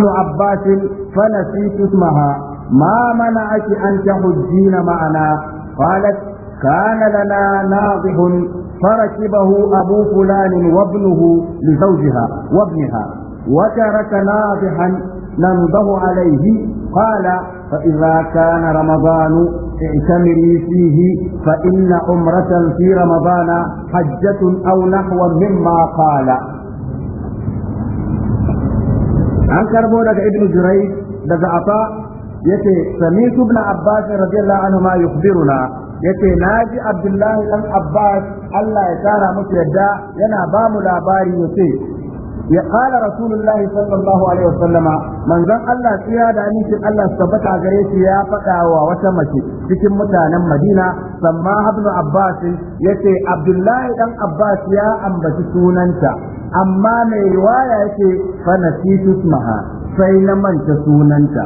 ابن عباس فنسيت اسمها ما منعك أن تحجين معنا قالت كان لنا ناضح فركبه أبو فلان وابنه لزوجها وابنها وترك ناضحا ننضه عليه قال فإذا كان رمضان اعتمري فيه فإن عمرة في رمضان حجة أو نحو مما قال an karbo daga ibn jurai daga afa yace sami'tu ibn abbas radiyallahu anhu ma yukhbiruna yace naji abdullahi dan abbas Allah ya tara musu yadda yana ba mu labari yace ya kala rasulullah sallallahu alaihi wasallama manzon Allah tsira da amincin Allah tabbata gare shi ya faɗa wa wata mace cikin mutanen Madina samma ibn Abbas ce Abdullahi dan Abbas ya ambaci sunanta amma mai riwaya yake fa nasitu ismaha sai na manta sunanta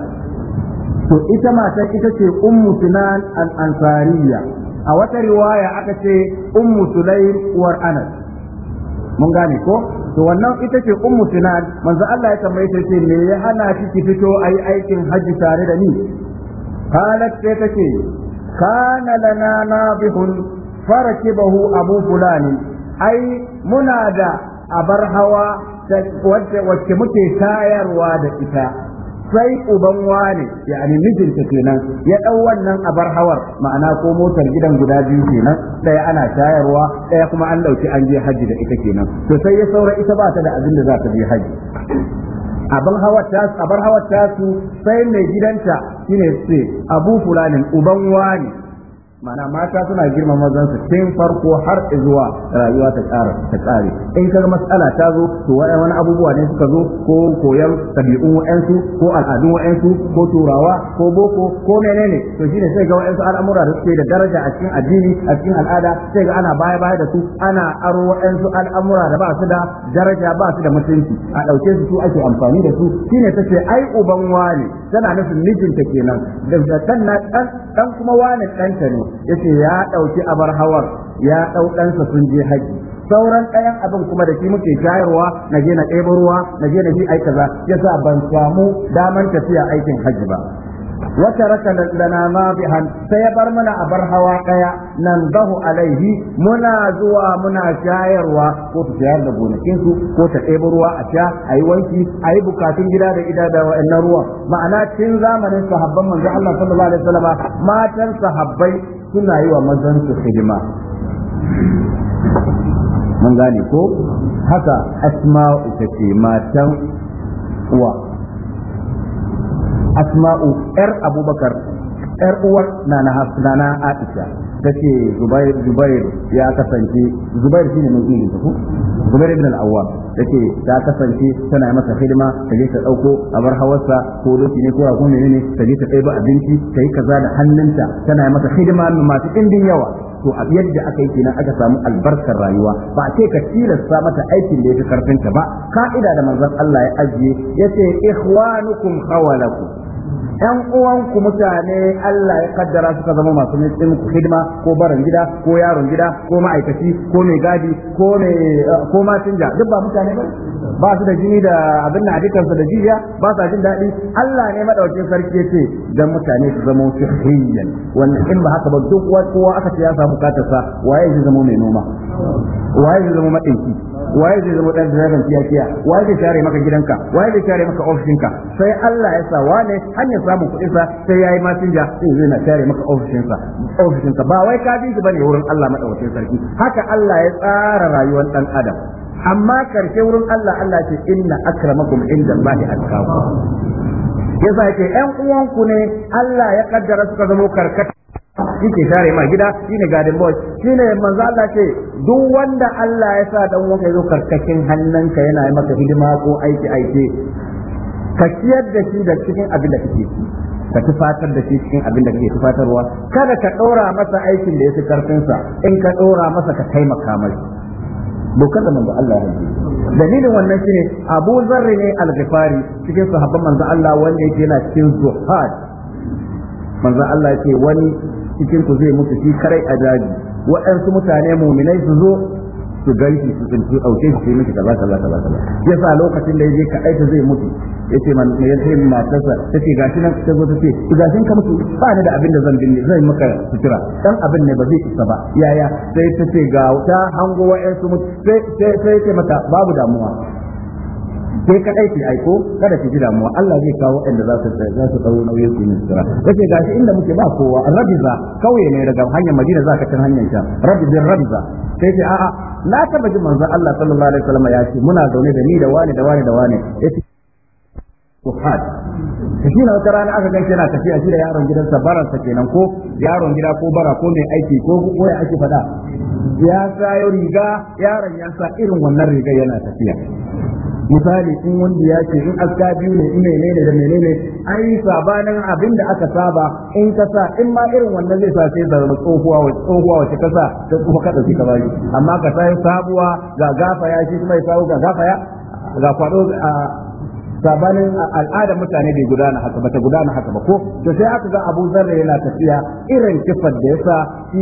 to ita matan ita ce ummu sinan al-ansariya a wata riwaya aka ce ummu sulaim uwar anas mun gane ko to wannan ita ce ummu sinan manzo Allah ya tambaye ta ce me ya hana ki ki fito ayi aikin haji tare da ni halat sai ta ce kana lana nabihun farakibahu abu fulani ai muna da abar hawa wacce muke tayarwa da ita sai uban wane yani mijinta kenan ya dau wannan abar hawar ma'ana ko motar gidan guda biyu kenan daya ana shayarwa daya kuma an dauki an je haji da ita kenan to sai ya saura ita ba ta da abin da za ta je haji abin hawar ta abar hawar ta su sai mai gidanta shine sai abu fulanin uban wane mana mata suna girma mazansu tun farko har zuwa eh, rayuwa ta tsara ta tsare in ga matsala ta zo to wani abubuwa ne suka zo ko koyan tabi'un wa'ansu ko al'adun wa'ansu ko turawa ko boko ko menene to shine sai ga wa'ansu al'amura da suke da daraja a cikin addini a cikin al'ada sai ga ana baya baya da su ana aro wa'ansu al'amura da ba su da daraja ba su da mutunci a ɗauke su su ake amfani da su shine tace ai uban wani tana nufin mijinta kenan da dan kuma wani dan ta ne yace ya dauki abar hawar ya dau ɗansa sun je haji sauran ɗayan abin kuma da shi muke shayarwa na je na ɗebo ruwa na je na yi ai kaza yasa ban samu damar tafiya aikin haji ba wata raka lana mabihan sai ya bar mana abar hawa ɗaya nan zahu alaihi muna zuwa muna shayarwa ko ta shayar da gonakinsu ko ta ɗebo a sha a yi wanki a yi bukatun gida da ida da wa'annan ruwan ma'ana cin zamanin sahabban manzo Allah sallallahu alaihi wasallam matan sahabbai suna yi wa mazansu hidima mun gane ko haka asma'u ta ce matan uwa asma'u yar abubakar yar uwar na na aisha ta ce zubair zubair ya kasance zubair shine mai ilimi ko zubair ibn al-awwam ta ta kasance tana masa hidima ta je ta dauko abar hawarsa ko doki ne ko a kuma ne ta je ta ɗebo abinci ta yi kaza da hannunta tana masa hidima masu ɗimbin yawa to a yadda aka yi kenan aka samu albarkar rayuwa ba a ce ka tilasta mata aikin da ya fi ba ka'ida da manzon Allah ya ajiye yace ikhwanukum khawalakum ɗan uwanku mutane Allah ya kaddara suka zama masu nufin hidima ko barin gida ko yaron gida ko ma'aikaci ko mai gadi ko mai eh, ko masinja duk ba mutane ba ba su da jini da abin na adikansa da jiya ba sa jin daɗi Allah ne madaukin sarki ya ce don mutane su zama fihiyyan wannan in ba haka ba duk kowa aka ce ya samu katarsa waye zai zama mai noma waye zai zama maɗinki waye zai zama dan zaben kiyakiya waye zai share maka gidanka waye zai share maka ofishinka sai Allah ya sa wane hanyar samun kuɗin sa sai yayi masinja sai zai na share maka ofishinsa ofishinka ba wai ka ji bane wurin Allah madaukakin sarki haka Allah ya tsara rayuwar dan adam amma karshe wurin Allah Allah ce inna akramakum inda Allah atqakum yasa ke ƴan uwanku ne Allah ya kaddara suka zama karkata shi ke share ma gida shi ne garden boy shi ne manzo Allah ce duk wanda Allah ya sa dan wanka yazo karkashin hannunka yana yi maka hidima ko aiki aiki ka ciyar da shi da cikin abin da kake ci ka tufatar da shi cikin abin da kake tufatarwa kada ka ɗora masa aikin da ya fi karfinsa in ka ɗora masa ka taimaka mai dokar da manzo Allah ya dalilin wannan shine Abu Zarri ne al-Ghifari cikin sahabban manzo Allah wanda yake yana cikin zuhad manzo Allah yake wani cikin ku zai mutu shi karai a jaji waɗansu mutane muminai su zo su ganshi su tsinci auke shi miki kaza kaza kaza kaza yasa lokacin da yaje ka aita zai mutu yace man ya ce matarsa tace gashi nan ta zo ga shi ka mutu ba ni da abin da zan binne zai maka sutura dan abin ne ba zai isa ba yaya sai tace ga ta hango wa'ansu mutu sai sai sai mata babu damuwa ke kadai ki aiko kada ki ji damuwa Allah zai kawo inda za su za su dauro nauyin su misra kace gashi inda muke ba kowa rabiza kauye ne daga hanyar Madina za ka can hanyar ta rabizin rabiza sai ce a'a na taba ji manzo Allah sallallahu alaihi wasallam ya ce muna zaune da ni da wani da wani da wani yace Suhad shi na wata rana aka ganke yana tafiya shi da yaron gidansa baransa kenan ko yaron gida ko bara ko mai aiki ko ya ake faɗa ya sayo riga yaron ya sa irin wannan riga yana tafiya misali in wanda ya ce in aska biyu ne in menene da menene an yi sabanin abin da aka saba in ka sa in ma irin wannan zai sa sai zama tsohuwa wa tsohuwa wa ka sa ta kuma ka sai ka bayi amma ka sa sabuwa ga gafa ya shi kuma ya sabu ga gafa ya, ga kwado sabanin al'ada mutane bai gudana haka ba ta gudana haka ba ko to sai aka ga Abu Zarra yana tafiya irin kifar da yasa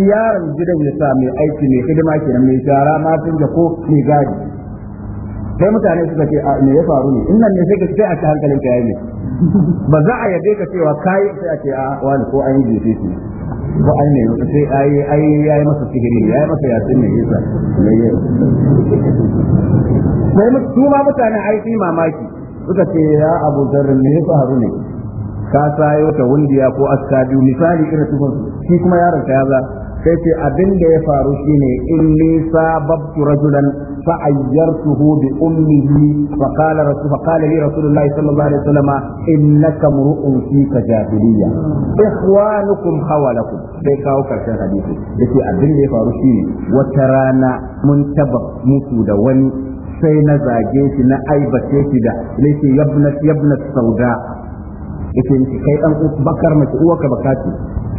yaron gidan ya sa mai aiki mai hidima kenan mai shara ma tun ko mai gadi sai mutane suka ce a me ya faru ne in nan ne sai ka sai a ci hankalin ka yayi ba za a yabe ka cewa kai sai a ce a wani ko an yi jefe shi ko an ne sai ai ai yayi masa sihiri ne yayi masa yasin ne yasa sai su ma mutane ai sai mamaki suka ce ya Abu Dharr me ya faru ne ka sayo ta wundiya ko askadu biyu misali irin su shi kuma yaron ka ya za sai ce abin da ya faru shine ni sababtu rajulan fa ayyartuhu bi ummihi fa qala rasul fa qala li rasulullahi sallallahu alaihi wasallam innaka mur'un fi kajabiliya ikhwanukum hawalakum sai kawo karshen hadisi yace abin da ya faru shine wata rana mun taba mutu da wani sai na zage shi na aibace shi da yace yabnat yabnat sauda yace kai dan bakar mace uwarka baka ce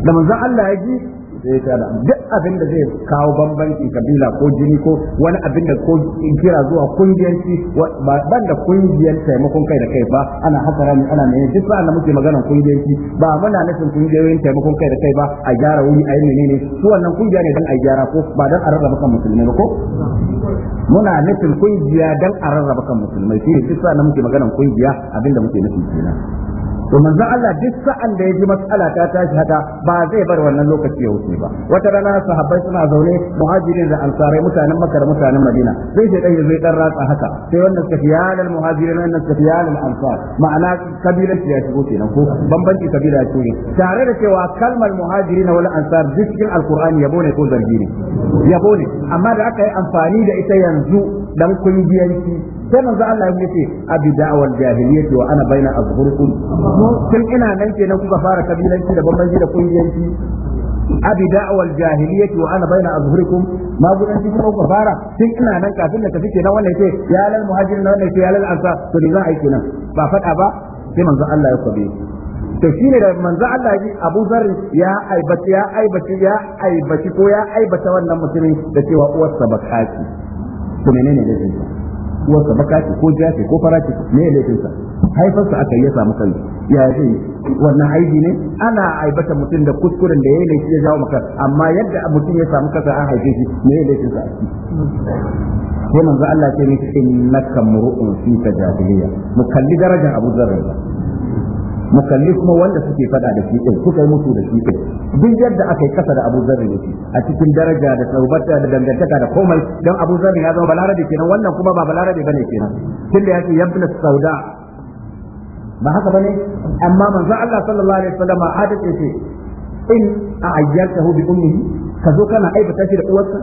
da manzon Allah ya ji zai ta duk abin da zai kawo bambanci kabila ko jini ko wani abin da ko kira zuwa kungiyanci ban da kungiyan taimakon kai da kai ba ana hasara ne ana ne duk ba muke magana kungiyanci ba muna nufin kungiyoyin taimakon kai da kai ba a gyara wuri a yi menene su wannan kungiya ne dan a gyara ko ba dan a rarraba kan musulmai ba ko muna nufin kungiya dan a rarraba kan musulmai shi ne duk ba muke magana kungiya abin da muke nufi kenan to manzo Allah duk sa'an da yaji matsala ta tashi haka ba zai bar wannan lokaci ya wuce ba wata rana sahabbai suna zaune muhajirin da ansarai mutanen makka da mutanen madina sai shi dai zai dan ratsa haka sai wannan kafiyal al muhajirin wannan kafiyal al ansar ma'ana kabila shi ya shigo kenan ko bambanci kabila ce ne tare da cewa kalmar muhajirin wal ansar duk cikin alqur'ani yabo ne ko zargi ne yabo ne amma da aka yi amfani da ita yanzu dan kungiyanci sai manzo Allah ya ce abi da'wal jahiliyyati wa ana baina azhurkum tun ina nan ke nan kuka fara kabilanci da bambanci da kungiyanci abi da'wal jahiliyyati wa ana baina azhurikum ma gudanci kuma kuka fara tun ina nan kafin na tafi kenan wannan yace ya lal muhajirin wannan yace ya lal ansar to ne za a yi kenan ba fada ba sai manzo Allah ya kwabe to shine da manzo Allah ji Abu Zar ya aibaci ya aibaci ya aibaci ko ya aibata wannan mutumin da cewa uwarsa bakaki to menene ne zai uwarsa baka ce ko jafe ko fara ce me ya laifin sa haifarsa aka yi ya samu kansa ya zai wannan aibi ne ana aibata mutum da kuskuren da ya laifi ya jawo maka amma yadda mutum ya samu kasa an haife shi me ya laifin sa sai manzo Allah ce ne innaka mur'un fi tajahiliya mu kalli darajar Abu Zarra mukalli kuma wanda suke fada da shi din suka yi mutu da shi din duk yadda aka yi kasa da Abu Zarri yake a cikin daraja da tsaubata da dangantaka da komai dan Abu Zarri ya zama balarabe kenan wannan kuma ba balarabe bane kenan tunda yake yabna sauda ba haka bane amma manzo Allah sallallahu alaihi wasallam hadace ce in a'ayyantahu bi ummihi ka zo kana aibata shi da uwarsa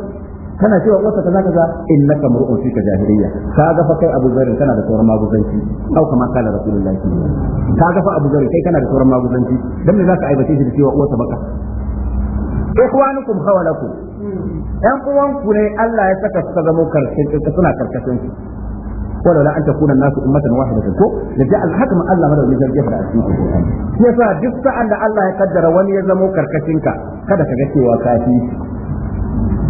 kana cewa wata kaza kaza a mar'un fika Ka ga fa kai Abu Zarin kana da sauran maguzanci au kama kala Ka ga fa Abu Zarin kai kana da sauran maguzanci dan me zaka aibace shi da cewa uwarsa baka ikhwanukum khawalakum yan ku ne Allah ya saka suka zama karshen suna karkashin ku ولولا ان تكون الناس امه واحده كو لجاء الحكم الله مدد من جرجه da cikin alqur'ani shi yasa duk sa'an da Allah ya kaddara wani ya zamo karkashin ka kada ka ga cewa kafi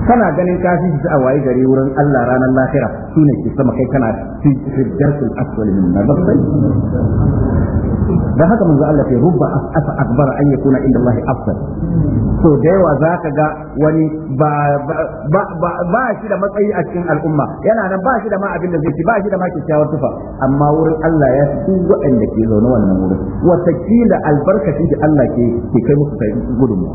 kana ganin kafi shi a waye gari wurin Allah ranar lahira shine ke sama kai kana fiddarsul aswal min nabai da haka manzo Allah ke rubba asa akbar an kuna inda Allah afsal to da yawa zaka ga wani ba shi da matsayi a cikin al'umma yana nan ba shi da ma abin da zai ci ba shi da ma kyakkyawar tufa amma wurin Allah ya fi duk waɗanda ke zaune wannan wurin kila albarkacin da Allah ke kai musu gudunmu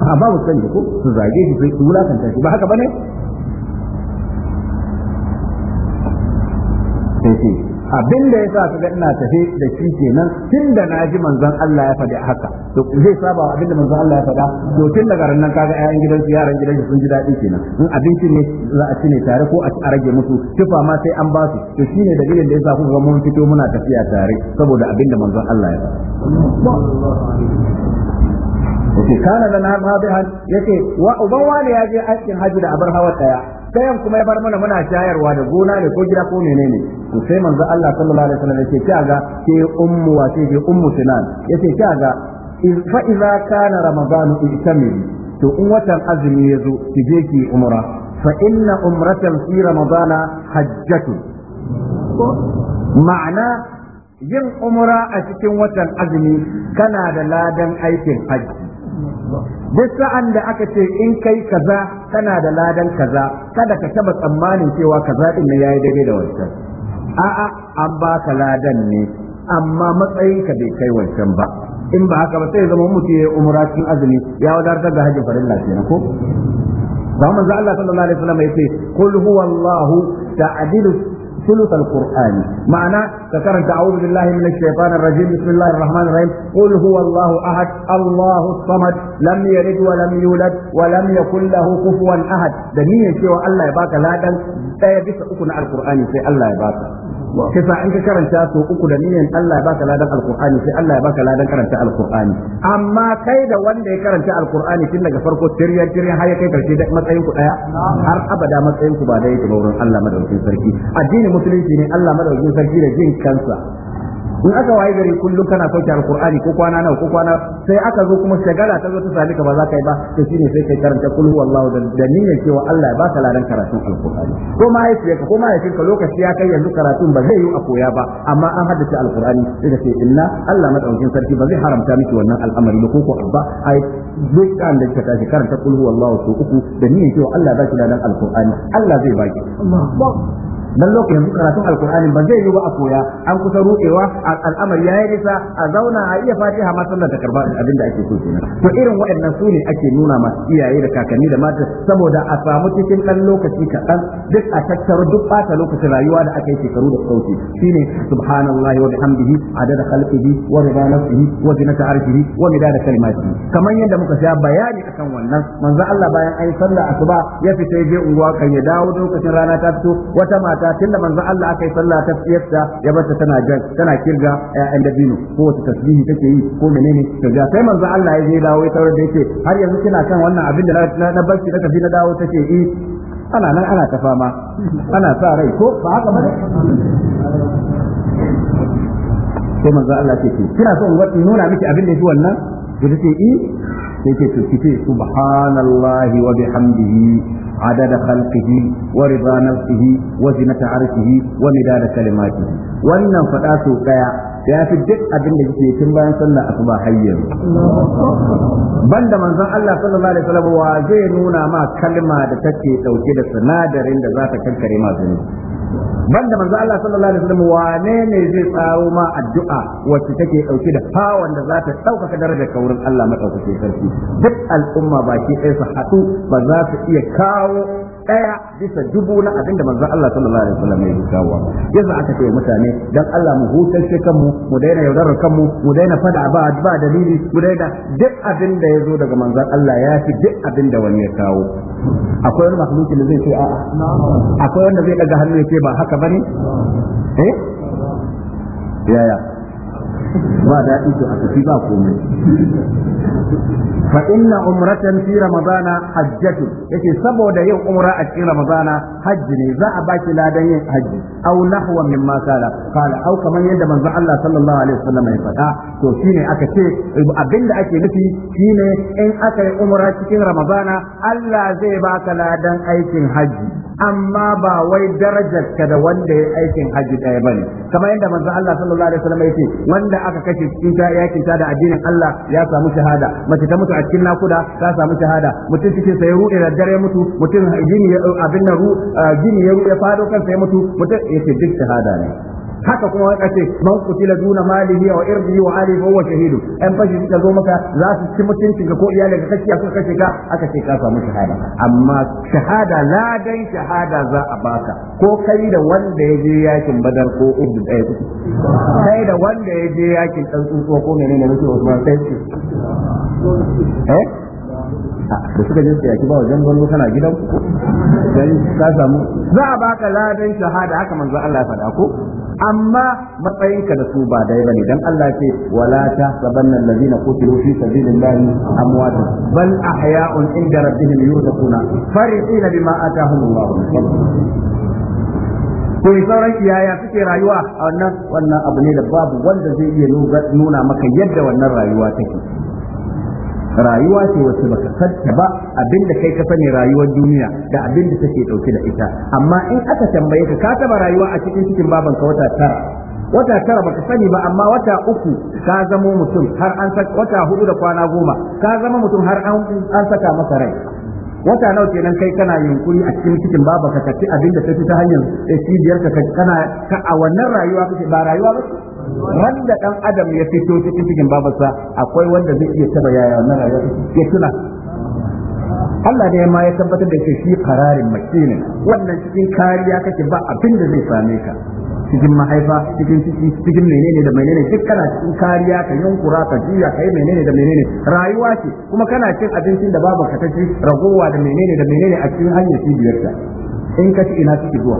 a ba sani ko su zage shi sai su wulakanta shi ba haka bane sai abin da yasa ga ina tafe da shi kenan tunda na ji manzon Allah ya faɗi haka to zai saba abin da manzon Allah ya faɗa to tun daga nan kaga ƴaƴan gidan su yaran gidan sun ji daɗi kenan in abinci ne za a ci ne tare ko a rage musu tufa ma sai an ba su to shine dalilin da ya yasa kuka mun fito muna tafiya tare saboda abin da manzon Allah ya faɗa yake kana da na madihan yake wa uban wani ya je aikin haji da abar hawa daya dayan kuma ya bar mana muna shayarwa da gona ne ko gida ko menene to sai manzo Allah sallallahu alaihi wasallam yake kaga ke ummu wa ce ummu sinan yake kaga fa idza kana ramadanu ihtamil to in watan azumi yazo ki je ki umra fa inna umratan fi ramadana Hajjatu. ma'ana yin umra a cikin watan azumi kana da ladan aikin hajji duk sa'an da aka ce in kai kaza tana da ladan kaza kada ka taba tsammanin cewa kaza din ne yi daidai da wancan a'a an baka ladan ne amma matsayin ka bai kai wancan ba in ba haka ba sai zama mutu ya yi cikin azumi ya wadatar da hajjin farilla na ko ba manzo Allah sallallahu alaihi wasallam yace qul huwallahu ta'dilu ثلث القرآن معنى ذكرت أعوذ بالله من الشيطان الرجيم بسم الله الرحمن الرحيم قل هو الله أحد الله الصمد لم يلد ولم يولد ولم يكن له كفوا أحد دنيا الله يبارك لا uku na alkur'ani sai Allah baka shi in ka karanta so uku da niyan Allah baka ladan alkur'ani sai Allah baka ladan karanta alkur'ani amma kai da wanda ya karanta alkur'ani tun daga farko tiryan tiryan har ya kai karshe da matsayin daya har abada matsayin ba da ba wurin Allah madaukakin sarki addinin addinin musulunci ne Allah madaukakin sarki da jin kansa in aka waye gari kullum kana sauke alqur'ani ko kwana nawa ko kwana sai aka zo kuma shagala ta zo ta sami ka ba za ka yi ba to shine sai kai karanta kul huwallahu da niyyar cewa Allah ya baka ladan karatun alqur'ani ko ma ya ka ko ma ya ka lokaci ya kai yanzu karatun ba zai yi a koya ba amma an haddace alqur'ani sai ce inna Allah madaukakin sarki ba zai haramta miki wannan al'amari ba ko ko abba ai duk an da ka tashi karanta kul huwallahu su uku da niyyar cewa Allah ya baki ladan alqur'ani Allah zai baki Allahu dan lokacin yanzu karatun alkur'ani ba zai yi ba a koya an kusa rukewa al'amari yi nisa a zauna a iya fatiha ma sallar da karba abin da ake so kenan to irin waɗannan su ne ake nuna masu iyaye da kakanni da mata saboda a samu cikin dan lokaci kaɗan duk a tattara duk bata lokacin rayuwa da aka yi shekaru da sauki shine subhanallah, wa bihamdihi adada khalqihi wa rida nafsihi wa zinata arshihi wa midada kalimatihi kamar yadda muka sha bayani akan wannan manzo Allah bayan an yi sallah asuba ya fita je unguwa kan ya dawo lokacin rana ta fito wata mata mata tunda manzo Allah aka yi sallah ta fiyarta ya bata tana jan tana kirga ƴaƴan dabino ko wata tasbihi take yi ko menene ga sai manzo Allah ya je dawo ya taurar da yake har yanzu kina kan wannan abin da na barci na tafi na dawo take yi eh, ana nan ana ta fama ana sa rai ko ba haka ba ne? sai manzo Allah ce kina so in nuna miki abin da yake wannan da take yi sai ce to kice subhanallahi wa bihamdihi adada khalqihi wa rida nafsihi wa zinata arshihi wa midada kalimatihi wannan fada so daya ya fi duk abin da kike tun bayan sallar asuba hayyan banda manzon Allah sallallahu alaihi wasallam wa zai nuna ma kalma da take dauke da sinadarin da za ta kankare ma zunubi banda manzo Allah sallallahu alaihi wasallam wane ne zai tsaro ma addu'a wacce take dauke da fawon da za ta daukaka darajar ka wurin Allah madaukakin sarki duk al'umma baki ɗaya su haɗu ba za su iya kawo daya bisa dubu na abin da manzon Allah sallallahu alaihi wasallam ya kawo yasa aka ce mutane dan Allah mu hutalce kanmu mu daina yaudarar kanmu mu daina fada ba ba dalili mu daina duk abin da ya zo daga manzon Allah ya fi duk abin da wani ya kawo akwai wani makhluki da zai ce a'a akwai wanda zai daga hannu ya ce ba haka bane eh yaya ba daɗi to a tafi ba komai fa inna umratan fi ramadana hajjatu Yake saboda yin umra a cikin ramadana hajji ne za a baki ladan yin hajji aw nahwa mimma kala kala aw kamar yadda manzo Allah sallallahu alaihi wasallam ya faɗa to shine aka ce abinda ake nufi shine in aka yi umra cikin ramadana Allah zai baka ladan aikin hajji amma ba wai darajar ka da wanda ya aikin hajji ɗaya bane kamar yadda manzo Allah sallallahu alaihi wasallam ya ce wanda aka kashe cikin yakin ta da addinin Allah ya samu shahada mace ta mutu a cikin nakuda ta samu shahada mutum cikin sa ya rude da dare mutu mutum gini ya abin nan gini ya ruɗe fado kansa ya mutu mutum ce duk shahada ne haka kuma waka ce man kutila duna malihi wa irdihi wa ali wa shahidu an fashi suka zo maka za su ci mutuncin ka ko iyali ka kace aka kace ka aka ce ka samu shahada amma shahada ladan shahada za a baka ko kai da wanda ya je yakin badar ko uhud eh, kai da wanda ya je yakin dan tsuntsuwa ko menene ne Usman sai eh ah, da suka je yaki ba wajen gwamnati kana gidan ku dan ka samu za a baka ladan shahada haka manzo Allah ya faɗa ko amma matsayinka da su ba dai bane dan Allah ce wala sabanna allazina qutilu fi sabilillahi amwatan bal ahya'un inda rabbihim yurzaquna farihina bima atahum Allah ko sauran iyaya suke rayuwa a wannan wannan abu ne da babu wanda zai iya nuna maka yadda wannan rayuwa take rayuwa ce wacce baka santa ba abinda kai ka sani rayuwar duniya da abinda take dauke da ita amma in aka tambaye ka ka taba rayuwa a cikin cikin baban ka wata tara wata tara baka sani ba amma wata uku ka zamo mutum har an saka wata hudu da kwana goma ka zama mutum har an an saka masa rai wata nawa kenan kai kana yunkuri a cikin cikin baban ka ka abin da ta ta hanyar eh, cibiyar ka kana ka a wannan rayuwa kake ba rayuwa ba wanda dan adam ya fito cikin cikin babarsa akwai wanda zai iya taba yaya na rayuwa ya tuna Allah ne ma ya tabbatar da ke shi kararin mace ne wannan cikin kariya kake ba abin da zai same ka cikin mahaifa cikin ciki cikin menene da menene duk kana cikin kariya ka yunkura ka juya ka yi menene da menene rayuwa ce kuma kana cin abincin da babu ka ragowa da menene da menene a cikin hanyar cibiyarta in ka ci ina ciki zuwa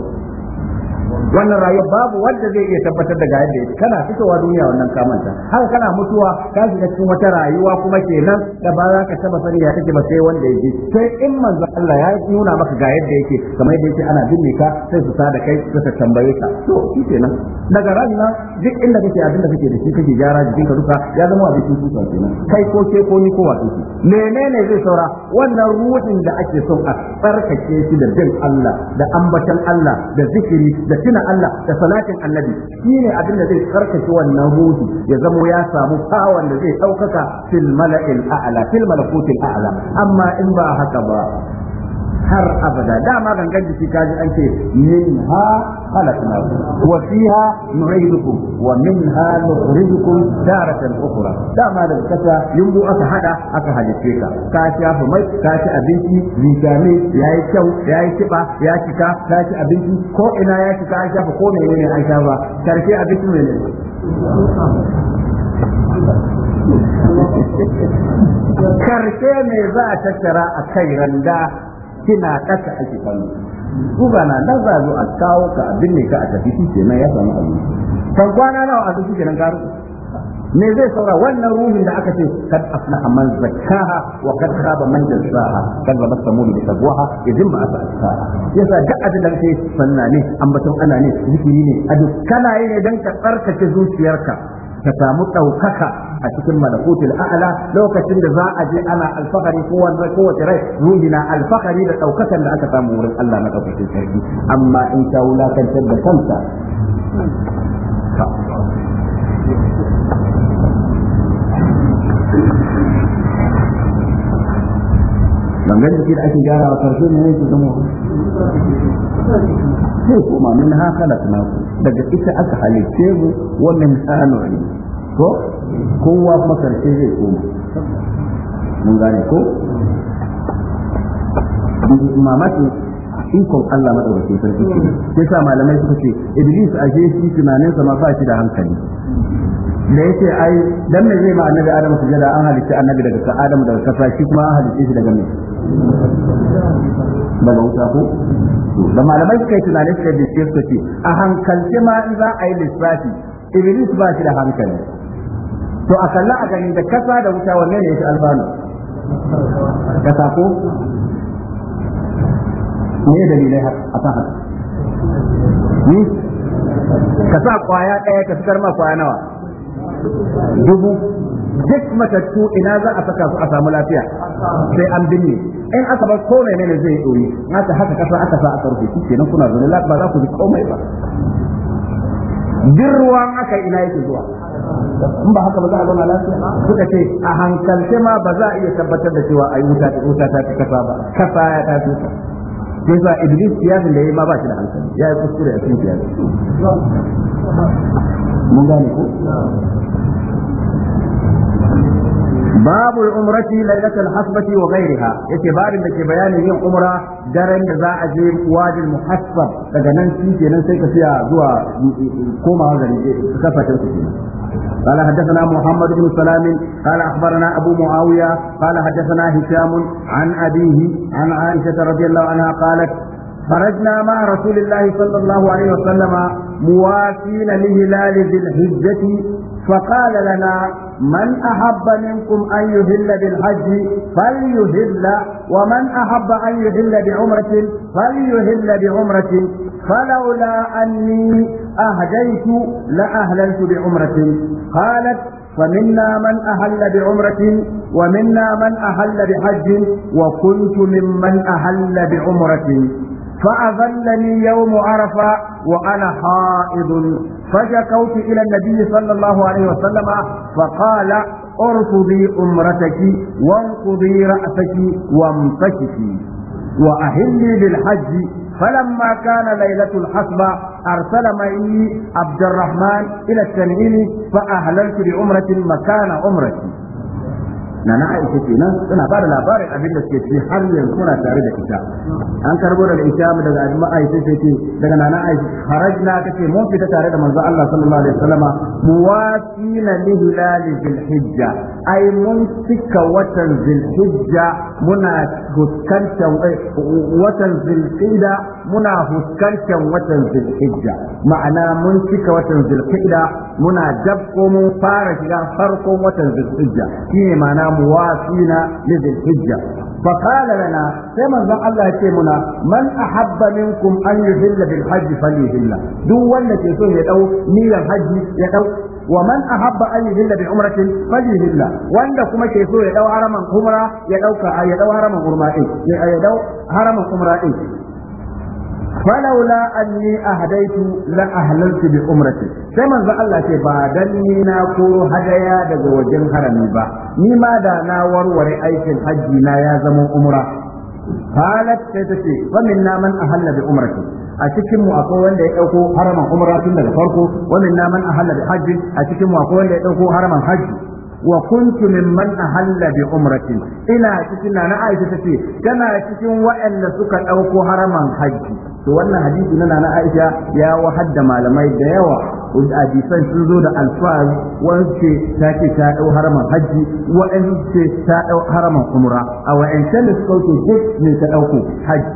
wannan rayuwa babu wanda zai iya tabbatar da ga da yake kana fitowa duniya wannan kamanta haka kana mutuwa ka shiga cikin wata rayuwa kuma kenan da ba za ka taba sani ya take ba sai wanda yake sai in manzo Allah ya nuna maka ga yadda yake kamar yadda yake ana binne ka sai su sada kai su ta tambaye ka to shi kenan daga nan duk inda kake abin da kake da shi kake gyara jikin ka duka ya zama abin su suka kenan kai ko ke ko ni ko wa kake menene zai saura wannan ruhin da ake son a tsarkake shi da bin Allah da ambatan Allah da zikiri da tuna Allah da salatin annabi ne abin da zai tsarkake wannan ruhi ya zamo ya samu kawan da zai ɗaukaka fil mala'il a'la fil amma in ba haka ba har abada dama gangan jiki ta kaji an ce min ha khalaqna wa fiha nu'idukum wa min ha nukhrijukum daratan ukhra dama da kasa yumbu aka hada aka halice ka ka shafa mai ka ci abinci vitamin yayi kyau yayi kiba ya ci ka ci abinci ko ina ya ka ci shafa ko ne an shafa karshe abinci ne karke me za ta tattara a kai randa kina kasa ake kallo ko na nan za a kawo ka abin ne ka a tafi shi kenan ya samu abin kan kwana nawa a duk kenan garu me zai saura wannan ruhin da aka ce kad afna man zakkaha wa kad khaba man dassaha kad ba mu da taqwaha idan ba ta yasa duk abin da kake sanna ne ambaton ana ne zikiri ne a duk kana yi ne dan ka tsarkake zuciyarka ka samu ɗaukaka a cikin malakutul a'la lokacin da za a je ana alfahari ko wanda ko wace rai ruhi na alfahari da ɗaukakan da aka samu wurin Allah na ɗaukakin sarki amma in ka wulakantar da kanka gangan jiki da ake gyarawa karshe ne ne su zama sai kuma min ha khalaqnakum daga ita aka halitte mu wannan min ne ko kowa kuma karshe zai koma mun gane ko mamakin ikon Allah madaukakin sarki sai sa malamai suka ce iblis a je shi tunanin sa ma ba shi da hankali da yake ai dan me zai ma annabi Adam sujada an halitta annabi daga Adam daga kasa shi kuma an halitta shi daga me daga wuta ko da malamai suka yi tunanin suka da shi suka a hankalce ma in za a yi lissafi iblis ba shi da hankali to a kalla a ganin da kasa da wuta wanne ne yake albano? kasa ko me ne dalilai a kan haka ka sa kwaya ɗaya ka fitar ma kwaya nawa dubu duk matattu ina za a saka su a samu lafiya sai an binne in aka bar ko ne ne zai na ta haka kasa aka sa aka rufe shi kenan kuna zaune ba za ku ji komai ba dirwan aka ina yake zuwa in ba haka ba za a zauna lafiya suka ce a hankalce ma ba za a iya tabbatar da cewa ayi wuta wuta ta ci kasa ba kasa ya ta tuta sai sa iblis kiyasin da yayi ma ba shi da hankali ya yi kuskure a cikin kiyasin mun gane ko babul umrati lailatul hasbati wa ghayriha yace babin da ke bayanin yin umra daren da za a je wajin muhassab daga nan shi kenan sai ka fiya zuwa koma gari kafatin su قال حدثنا محمد بن سلام قال اخبرنا ابو معاويه قال حدثنا هشام عن ابيه عن عائشه رضي الله عنها قالت خرجنا مع رسول الله صلى الله عليه وسلم مواسين لهلال ذي الحجة فقال لنا من أحب منكم أن يهل بالحج فليهل ومن أحب أن يهل بعمرة فليهل بعمرة فلولا أني أهديت لأهللت بعمرة قالت فمنا من أهل بعمرة ومنا من أهل بحج وكنت ممن أهل بعمرة فأذلني يوم عرفة وأنا حائض فشكوت إلى النبي صلى الله عليه وسلم فقال ارفضي أمرتك وانقضي رأسك وامتكك وأهلي بالحج فلما كان ليلة الحصبة أرسل معي عبد الرحمن إلى التنعيم فأهللت بعمرة مكان عمرتي nana aisha kenan suna ba da labarin abin da suke ci har yanzu muna tare da ita an karbo daga isha daga adama aisha sai ce daga nana aisha harajna kace mun fita tare da manzo Allah sallallahu alaihi wasallama muwasila li hilal bil hijja ai mun cika watan zil hijja muna fuskantar eh, watan zil qida muna fuskantar watan zil hijja ma'ana mun cika watan zil qida muna dab ko mun fara shiga farkon watan zil hijja shine ma'ana مواسينا لذي الحجة فقال لنا كما زن الله يتيمنا من أحب منكم أن يهل بالحج فليهل دو ولا كيسون يدعو نية الحج يدعو ومن أحب أن يهل بعمرة فليهل وأن كما كيسون يدعو حرما عمرة يدعو يدعو حرما عمرة يدعو حرما عمرة فلولا أني أهديت لأهللت بأمرتي كما ذا الله كي بعدني ناكور هدايا دقو جن هرمي با نما دا ناور ورئيك الحج نا يازم أمرا قالت تتشي ومنا من أهل بأمرتي a cikin mu akwai wanda ya dauko haraman umra tun daga farko wannan na man ahalla da hajji a cikin mu akwai wanda ya dauko haraman hajji wa kuntu mimman ahalla bi umratin ina cikin na Aisha tace tana cikin waɗanda suka ɗauko haraman haji to wannan hadisi na na Aisha ya wahadda malamai da yawa hadisan sun zo da alfaz wance ta ce ta ɗau haraman haji wa'ansu ce ta ɗau haraman umra a wa'ancan da suka wuce duk ne ta ɗauko haji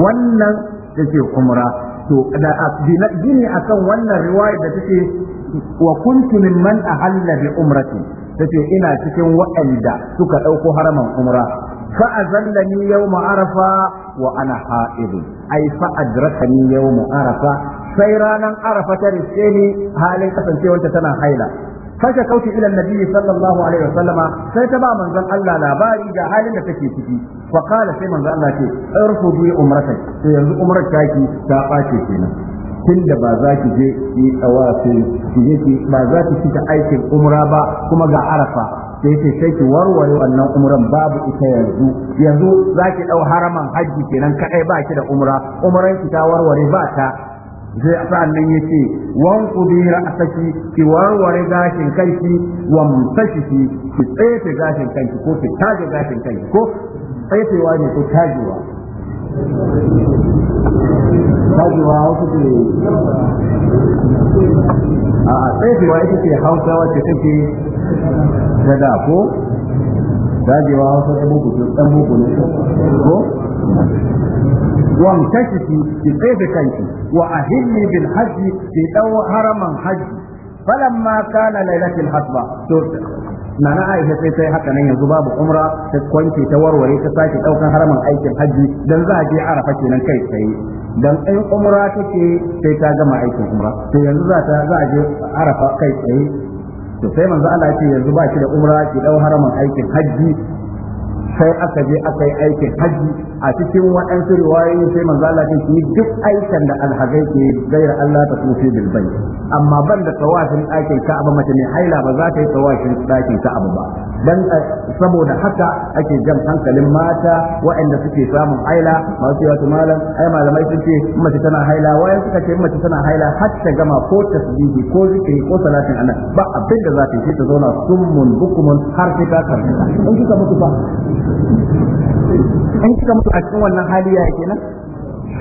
wannan take umra to da gini akan wannan riwayar da take wa kuntu mimman ahalla bi umrati tace ina cikin waɗanda suka ɗauko haraman umra fa azallani yawma arafa wa ana ha'id ai fa adrakani yawma arafa sai ranan arafa ta riske ni halin kasancewanta tana haila fashe kauti ila nabi sallallahu alaihi sallama sai ta ba manzon Allah labari ga halin da take ciki fa qala sai manzon Allah ce irfudu umar to yanzu umrar taki ta bace kenan tunda ba za ki je yi tawafi ki je ki ba za ki cika aikin umra ba kuma ga arafa sai ce sai ki warware wannan umran babu ita yanzu yanzu za ki dau haraman hajji kenan kadai ba ki da umra umran ki ta warware ba ta Zai sai sa'annan yace wan a saki, ki warware gashin kanki wa mutashi ki tsefe gashin kanki ko ki taje gashin kanki ko tsefewa ne ko tajewa tajewa wasu ke a tsefewa ita ce hausawa ce take da ko tajewa wasu ɗan bugu ne ko وامتشتي في قيف كيفي وأهلي بالحج في أو هرما حج فلما كان ليلة الحصبة nana Aisha sai sai haka nan yanzu babu umra ta kwanke ta warware ta sake ɗaukan haramin aikin hajji? dan za a je Arafa kenan kai tsaye dan in umra take sai ta gama aikin umra to yanzu za a je Arafa kai tsaye to sai manzo Allah yanzu ba shi da umra ki dau haramin aikin hajji. sai aka je aka yi aikin haji a cikin waɗansu riwayoyi sai manzo Allah ya ce duk aikin da alhazai ke gaira Allah ta tufi bil bayt amma ban da tawafin ɗakin Ka'aba mace mai haila ba za ta yi tawafin ɗakin Ka'aba ba dan eh, saboda haka ake jan hankalin mata waɗanda suke samun haila masu cewa to malam ai malamai sun ce mace tana haila wayan suka ce mace tana haila har ta gama ko tasbihi ko zikiri ko salatin anan, ba abin da za ta yi ta zauna summun bukumun har sai ta karbi in kika mutu in kika mutu a cikin wannan hali ya nan?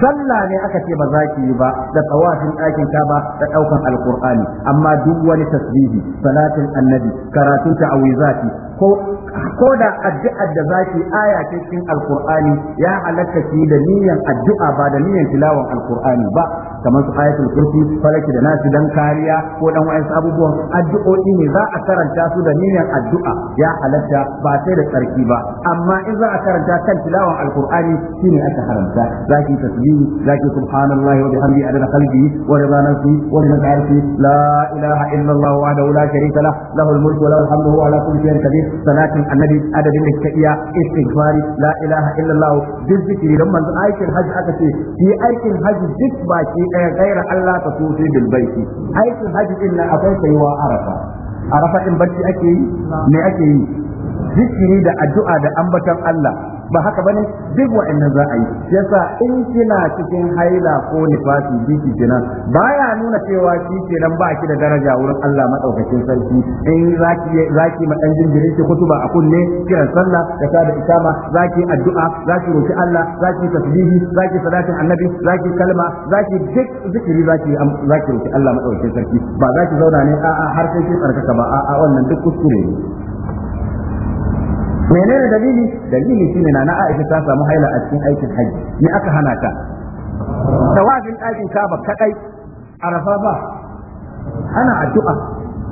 sallah ne aka ce ba za ki yi ba da tsawafin ɗakin ka ba da ɗaukan alkur'ani amma duk wani tasbihi salatin annabi karatun ta'awizati ko da addu'ar da zaki aya ce cikin alqur'ani ya halatta ki da niyyar addu'a ba da niyyar tilawan alqur'ani ba kamar su ayatul kursi falaki da nasu dan kariya ko dan wa'ansu abubuwan addu'o'i ne za a karanta su da niyyar addu'a ya halatta ba sai da tsarki ba amma in za a karanta kan tilawan alqur'ani shine aka haramta zaki tasbihi zaki subhanallahi wa bihamdi adada qalbi wa rida nafsi wa rida arshi la ilaha illallah, allah wahdahu la sharika lahu lahul mulku wa lahul hamdu wa ala kulli shay'in qadir salatin annabi adadin da kika iya istighfari la ilaha illallah duk zikiri don manzo aikin haji aka ce yi aikin haji duk baki ɗaya gaira Allah ta tufi bil baiti aikin haji din nan akwai kaiwa arafa arafa in barci ake yi me ake yi zikiri da addu'a da ambatan Allah ba haka bane duk wa'annan za a yi yasa in kina cikin haila ko nifasi biki kenan baya nuna cewa ki kenan ba ki da daraja wurin Allah madaukakin sarki in zaki zaki ma dan jinjirin ki kutuba a kunne kiran sallah da sada ikama zaki addu'a zaki roki Allah zaki tasbihi zaki salatin annabi zaki kalma zaki duk zikiri zaki zaki roki Allah madaukakin sarki ba zaki zauna ne a'a har sai ki tsarkaka ba a'a wannan duk kuskure menene dalili dalili shine na Aisha ta samu haila a cikin aikin haji ni aka hana ta tawafin ɗakin Ka'aba kadai arafa ba ana addu'a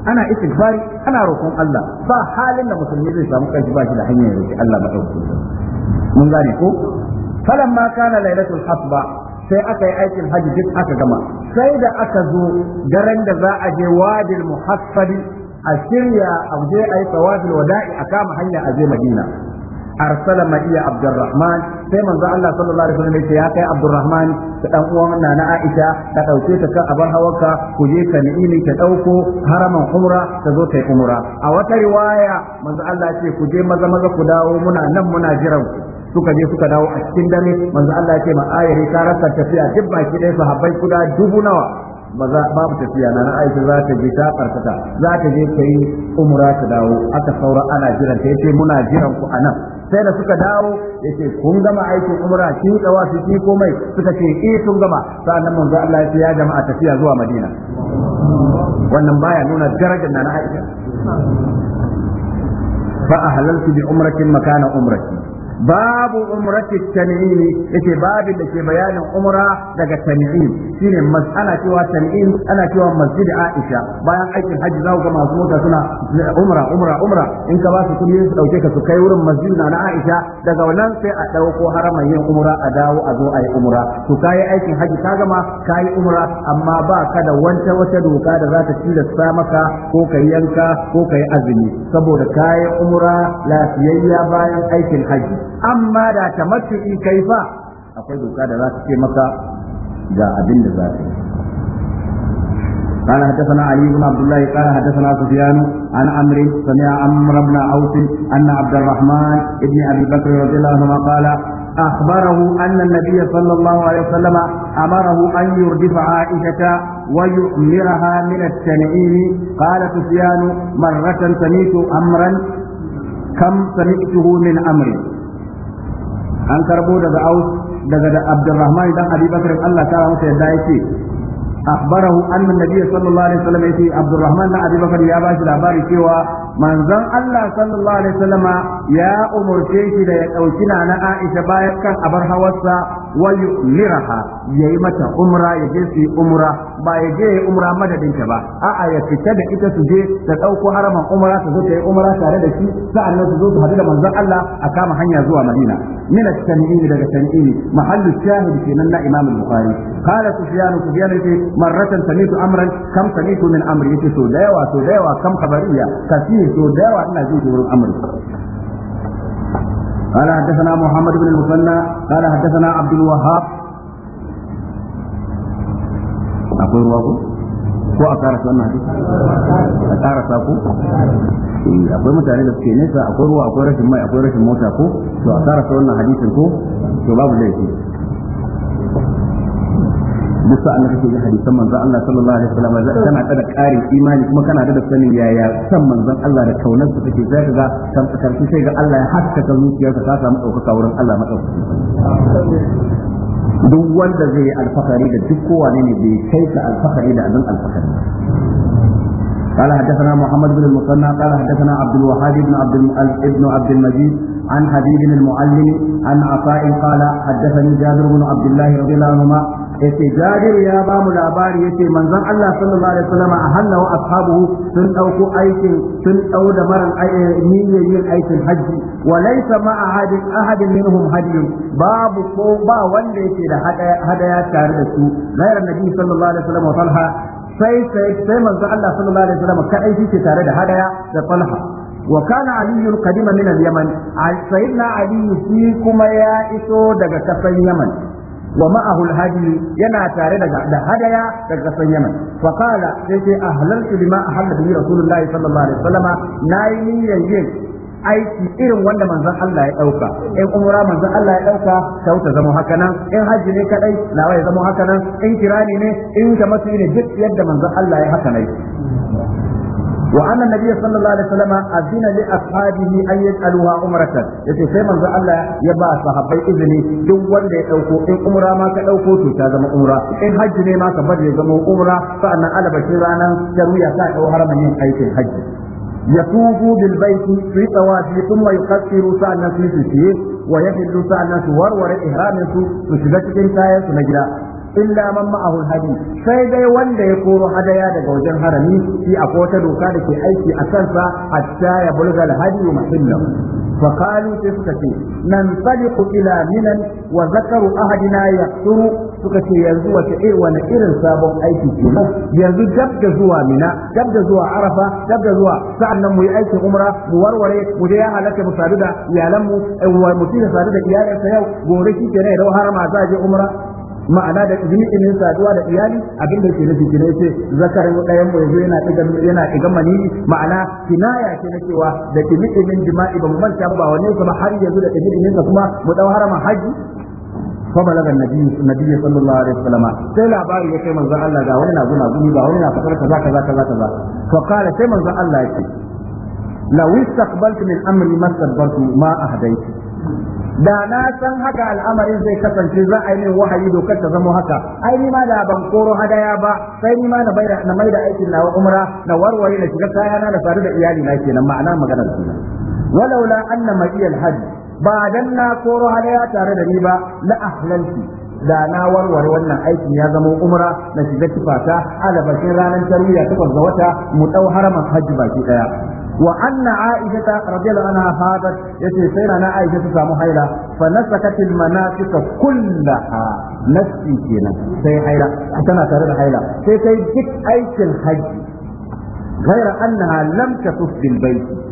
ana istighfari ana roƙon Allah ba halin da musulmi zai samu kai ba shi da hanyar roƙi Allah madauki mun gane ko falamma kana lailatul hasba sai aka yi aikin haji duk aka gama sai da aka zo garin da za a je wadil muhassabi a shirya a je a yi tawafil wada'i a kama hanya a je madina arsala ma iya abdurrahman sai manzo Allah sallallahu alaihi wasallam ya kai abdurrahman da dan uwan nana Aisha ta dauke ta kan abar hawarka ku je ka ni'imi ka dauko haraman umra ta zo kai umra a wata riwaya manzo Allah ya ce ku je maza maza ku dawo muna nan muna jiran ku suka je suka dawo a cikin dare manzo Allah ya ce ma ayyari ka rasa tafiya duk baki ɗaya sahabbai kuda dubu nawa babu tafiya na Aisha za ta je ta karkata za ta je ta yi umra ta dawo aka saura ana jiran ta yace muna jiran ku anan sai da suka dawo yace kun gama aikin umra shi dawa su shi komai suka ce eh sun gama sannan manzo Allah ya ce ya jama'a tafiya zuwa Madina wannan baya nuna darajar na Aisha fa ahlaltu bi umratin makana umrati babu umrati tan'in yake babin da ke bayanin umra daga tan'in shine mas'ala cewa tan'in ana cewa masjid Aisha bayan aikin hajji za ga masu mota suna umra umra umra in ka ba su kudi su dauke ka su kai wurin masjid na Aisha daga wannan sai a dauko haraman yin umra a dawo a zo a yi umra to kayi aikin hajji ka gama kai umra amma ba ka da wata wata doka da za ta tilasta maka ko ka yanka ko ka yi azumi saboda kayan umra lafiyayya bayan aikin hajji amma da tamattu'i kai fa akwai doka da za ta ce maka ga abin da za ka yi قال حدثنا علي بن عبد الله قال حدثنا سفيان عن عمرو سمع عمرو بن عوف ان عبد الرحمن بن ابي بكر رضي الله عنهما قال أخبره أن النبي صلى الله عليه وسلم أمره أن يردف عائشة ويؤمرها من التنعيم قال سفيان مرة سمعت أمرا كم سمعته من أمر an karbo daga aus daga da abdurrahman dan abi bakr Allah ta masa yadda yake akhbarahu anna nabiy sallallahu alaihi wasallam yace abdurrahman dan abi bakr ya bashi labari cewa manzon Allah sallallahu alaihi wasallama ya umurce shi da ya dauki na Aisha bayan kan abar hawarsa wa ya yi mata umra ya je su umra ba ya je ya umra madadin ta ba a'a ya fita da ita su je ta ɗauko haraman umra su zo yi umra tare da shi na su zo su hadu da manzon Allah a kama hanya zuwa Madina min at-tan'imi daga tan'imi mahallu shahid kenan na Imam al-Bukhari qala sufyan sufyan yace marratan samitu amran kam samitu min amri yace so da yawa so da yawa kam khabariya kasir so da yawa ina ji wurin amri قال حدثنا محمد بن المثنى قال حدثنا عبد الوهاب أقول الله ko a karasa wannan hadisi a ko akwai mutane da suke nesa akwai ruwa akwai rashin mai akwai rashin mota ko to a karasa wannan hadisin ko to babu laifi duk sa'an da kake ji hadisan manzon Allah sallallahu alaihi wasallam kana da ƙarin imani kuma kana da sanin yaya san manzon Allah da kaunar sa take zaka ga san karfi sai ga Allah ya haskaka zuciyarka ka samu dauka wurin Allah madaukaki duk wanda zai yi alfahari da duk kowane ne bai kai ka alfahari da abin alfahari قال حدثنا محمد بن المثنى قال حدثنا عبد الوهاب بن عبد ابن عبد المجيد عن حبيب المعلم عن عطاء قال حدثني جابر بن عبد الله رضي الله عنهما yace jabir ya ba mu labari yace manzon Allah sallallahu alaihi wasallam a hanna wa sun dauko aikin sun dau da maran eh, niyyar yin aikin haji wa laysa ma ahadin ahadin minhum hadiyun babu ko ba wanda yake da hadaya tare da su ghayr nabi sallallahu alaihi wasallam wa talha sai sai sai manzon Allah sallallahu alaihi wasallam kadai shi tare da hadaya da talha وكان علي قديما من اليمن سيدنا علي في كما يا إسو دغ كفن يمن wa ma'ahu al-hadi yana tare da da hadaya daga kasan Yaman fa sai sai a ahlaltu lima ahalla bi rasulullahi sallallahu alaihi wasallama nayi niyyan yin aiki irin wanda manzon Allah ya ɗauka. in umra manzon Allah ya dauka sauta zama haka nan in hajji ne kaɗai, nawa ya zama haka nan in kirani ne in ta kamar ne duk yadda manzon Allah ya haka nan وأن النبي صلى الله عليه وسلم أذن لأصحابه أن يسألوها عمرة يتي سيما ذا الله يبا صحابي إذني دو وند يأوكو إن عمرة ما كأوكو تتازم عمرة إن حج ما كبر يزم عمرة فأنا على بشيرانا تروي ساعة وحرم من حيث الحج يطوف بالبيت في طوافه ثم يقصر سعنا في سفيه ويحل سعنا سور ورئ إهرام سو سشدة كنتاية سنجلا illa man ma'ahu hadi sai dai wanda ya koro hadaya daga wajen harami shi a wata doka da ke aiki a kansa hatta ya bulga hadi mahallahu fa qalu sai suka ce nan sadiqu ila minan wa zakaru ahadina yaqturu suka ce yanzu wace irin wani irin sabon aiki ke nan yanzu dab da zuwa mina dab da zuwa arafa dab da zuwa nan mu yi aikin umra mu warware mu je ya halatta mu sadu da iyalan mu eh, mutum ya sadu da yau gobe shi ke ne da harama za a je umra ma'ana da jimi'in saduwa da iyali abin da ke nufi kina yace zakarin ɗayan mu yazo yana digan yana digan manini ma'ana kinaya ke na cewa da jimi'in jima'i ba mu manta ba wanne kuma har yanzu da jimi'in kuma mu dau harama haji فبلغ النبي النبي صلى sallallahu alaihi وسلم sai labari ya kai manzon Allah ga wani na guna guni ba wani na fakar kaza kaza kaza kaza to kala sai manzon Allah yake law istaqbaltu min amri ma sabbartu ma ahdaytu da na san haka al'amarin zai kasance za a yi min wahayi dokar ta zama haka ai ni ma da ban koro hadaya ba sai ni ma na maida na da aikin nawa umra na warware na shiga kaya na faru da iyali na kenan ma'ana maganar kenan walaula anna ma'iyal hajj ba dan na koro hadaya tare da ni ba la ahlalti da na warware wannan aikin ya zama umra na shiga tufata alabashin ranar tarwiya takwas ga wata mu dau haraman hajji baki daya wa anna aisha radiyallahu anha ya yace sai rana aisha ta samu haila fa nasakatil manasika kullaha nafsi kenan sai haila tana tare da haila sai kai duk aikin hajji غير أنها لم تطف بالبيت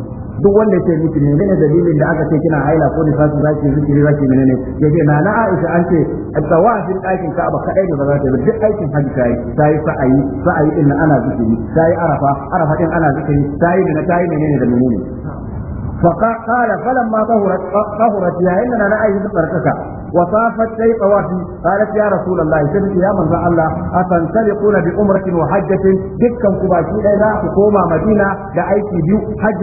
duk wanda ya ce miki menene dalilin da aka ce kina haila ko da sasu zaki zikiri zaki menene ya ce na na Aisha an ce tawafin ɗakin Ka'aba kaɗai ne ba za ta yi duk aikin hajji ta yi ta yi sa'ayi sa'ayi din ana zikiri ta yi arafa arafa din ana zikiri ta yi da ta yi menene da menene فقال فلما طهرت طهرت يا اننا رايت بركتك وطافت شيء طوافي قالت يا رسول الله سبت يا من الله اتنطلقون بأمرة وحجة دكا كباشي لا حكومة مدينة لأيتي بيو حج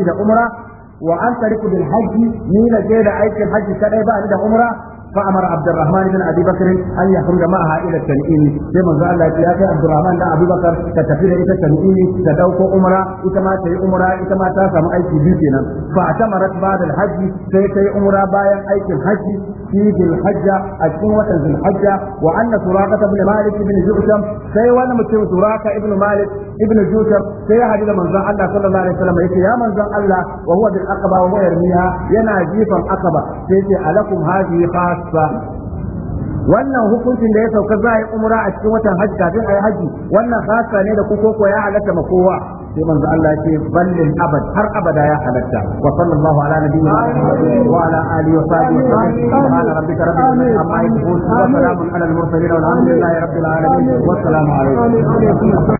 wa an tariku bil hajji ni na je da aikin hajji kadai ba ni da umra فأمر عبد الرحمن بن أبي بكر أن يخرج معها إلى التنعيم كما قال الله يا عبد الرحمن بن أبي بكر تتفيد إلى التنعيم تدوك أمرا إتما تي أمرا إتما تاسم أي بيتنا فاعتمرت بعد الحج تي تي أمرا بايا أي الحج في ذي الحجة أشكوة ذي الحجة وأن سراقة بن مالك بن جؤشم سي وانا متم سراقة ابن مالك ابن جوشم سي حديث من زعل الله صلى الله عليه وسلم يا من زعل الله وهو بالأقبة وهو يرميها ينا جيفا أقبة سيتي ألكم هذه خاصة hafsa wannan hukuncin da ya sauka za a yi umra a cikin watan hajji kafin a yi hajji wannan khasa ne da ku koko ya halatta ma kowa sai manzo Allah ya ce ballin abad har abada ya halatta wa sallallahu ala nabiyina wa ala alihi wa sahbihi subhana rabbika rabbil izzati amma yasifun wa salamun ala al mursalin walhamdulillahi rabbil alamin wa assalamu alaikum